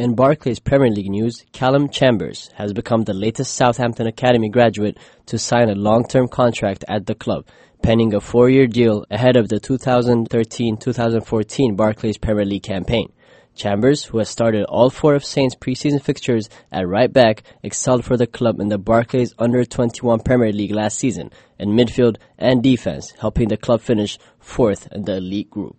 In Barclays Premier League news, Callum Chambers has become the latest Southampton Academy graduate to sign a long-term contract at the club, penning a four-year deal ahead of the 2013-2014 Barclays Premier League campaign. Chambers, who has started all four of Saints' preseason fixtures at right back, excelled for the club in the Barclays Under 21 Premier League last season in midfield and defense, helping the club finish fourth in the elite group.